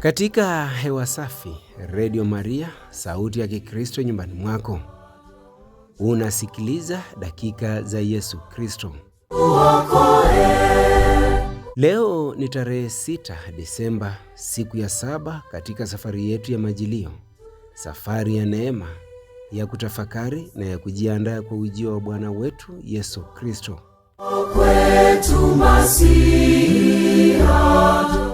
Katika hewa safi, redio Maria, sauti ya Kikristo nyumbani mwako, unasikiliza dakika za Yesu Kristo. Leo ni tarehe 6 Desemba, siku ya saba katika safari yetu ya Majilio safari ya neema ya kutafakari na ya kujiandaa kwa ujio wa Bwana wetu Yesu Kristo.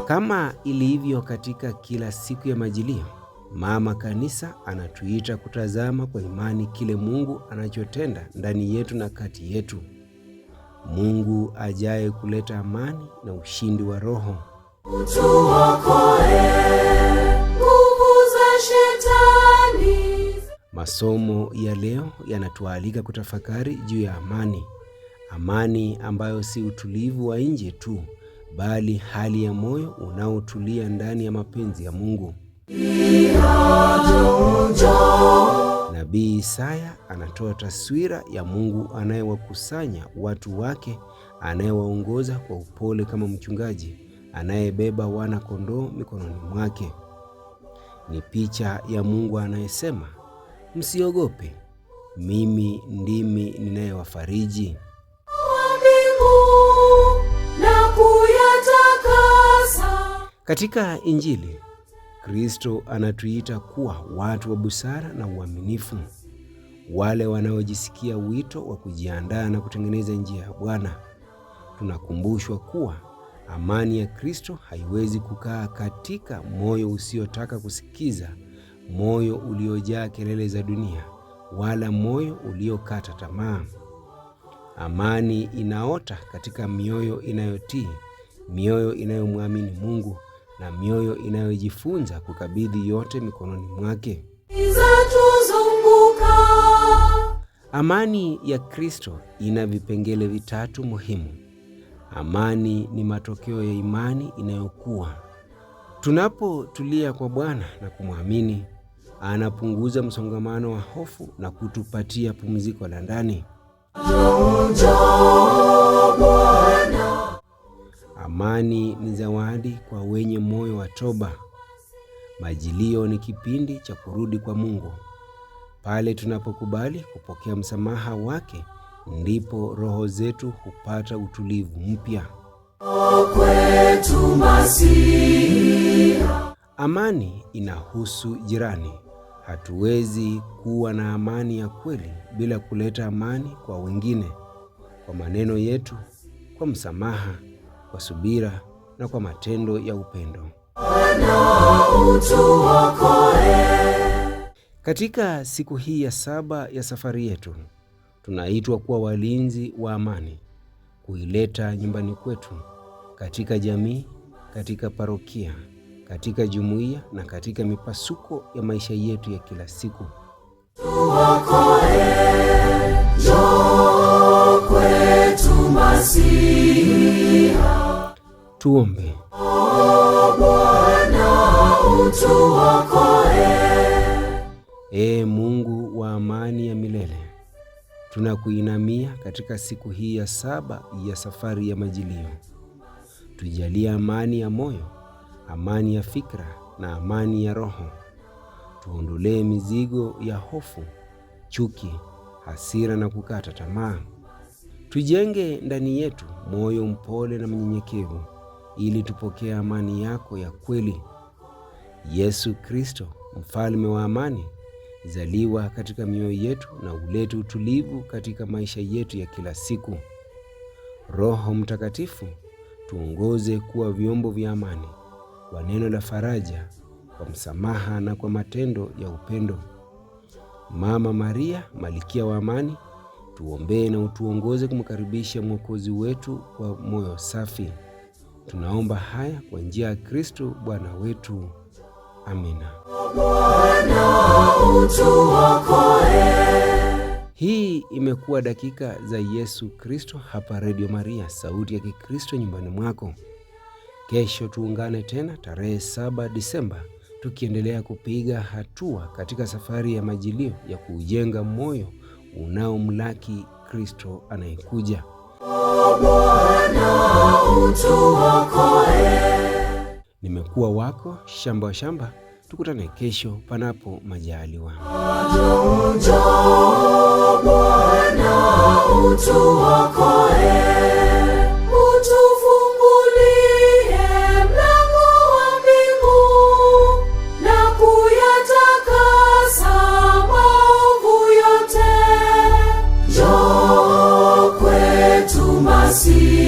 Kama ilivyo katika kila siku ya Majilio, Mama Kanisa anatuita kutazama kwa imani kile Mungu anachotenda ndani yetu na kati yetu. Mungu ajaye kuleta amani na ushindi wa Roho. Masomo ya leo yanatualika kutafakari juu ya amani, amani ambayo si utulivu wa nje tu, bali hali ya moyo unaotulia ndani ya mapenzi ya Mungu. Nabii Isaya anatoa taswira ya Mungu anayewakusanya watu wake, anayewaongoza kwa upole kama mchungaji, anayebeba wana kondoo mikononi mwake. Ni picha ya Mungu anayesema msiogope, mimi ndimi ninayewafariji. Katika Injili, Kristo anatuita kuwa watu wa busara na uaminifu, wale wanaojisikia wito wa kujiandaa na kutengeneza njia ya Bwana. Tunakumbushwa kuwa amani ya Kristo haiwezi kukaa katika moyo usiotaka kusikiza moyo uliojaa kelele za dunia, wala moyo uliokata tamaa. Amani inaota katika mioyo inayotii, mioyo inayomwamini Mungu na mioyo inayojifunza kukabidhi yote mikononi mwake. Amani ya Kristo ina vipengele vitatu muhimu. Amani ni matokeo ya imani inayokuwa Tunapotulia kwa Bwana na kumwamini, anapunguza msongamano wa hofu na kutupatia pumziko la ndani. Amani ni zawadi kwa wenye moyo wa toba. Majilio ni kipindi cha kurudi kwa Mungu. Pale tunapokubali kupokea msamaha wake, ndipo roho zetu hupata utulivu mpya. Amani inahusu jirani. Hatuwezi kuwa na amani ya kweli bila kuleta amani kwa wengine, kwa maneno yetu, kwa msamaha, kwa subira na kwa matendo ya upendo. Eh. Katika siku hii ya saba ya safari yetu, tunaitwa kuwa walinzi wa amani, kuileta nyumbani kwetu katika jamii, katika parokia, katika jumuiya na katika mipasuko ya maisha yetu ya kila siku. Tuokoe, njoo kwetu Tuombe. O Bwana, utuokoe. Ee Mungu wa amani ya milele, tunakuinamia katika siku hii ya saba ya safari ya Majilio tujalie amani ya moyo, amani ya fikra na amani ya roho. Tuondolee mizigo ya hofu, chuki, hasira na kukata tamaa. Tujenge ndani yetu moyo mpole na mnyenyekevu, ili tupokee amani yako ya kweli. Yesu Kristo, mfalme wa amani, zaliwa katika mioyo yetu na ulete utulivu katika maisha yetu ya kila siku. Roho Mtakatifu tuongoze kuwa vyombo vya amani, kwa neno la faraja, kwa msamaha na kwa matendo ya upendo. Mama Maria, malikia wa Amani, tuombee na utuongoze kumkaribisha Mwokozi wetu kwa moyo safi. Tunaomba haya kwa njia ya Kristo Bwana wetu. Amina. Bwana utuokoe. Hii imekuwa dakika za Yesu Kristo hapa Redio Maria, sauti ya Kikristo nyumbani mwako. Kesho tuungane tena tarehe 7 Disemba, tukiendelea kupiga hatua katika safari ya majilio ya kuujenga moyo unaomlaki Kristo anayekuja. Nimekuwa wako Shamba wa Shamba. Tukutane kesho panapo majaliwa. Njoo Bwana utuokoe, utufungulie mlango wa mbingu na kuyatakasa maovu yote. Njoo kwetu Masihi.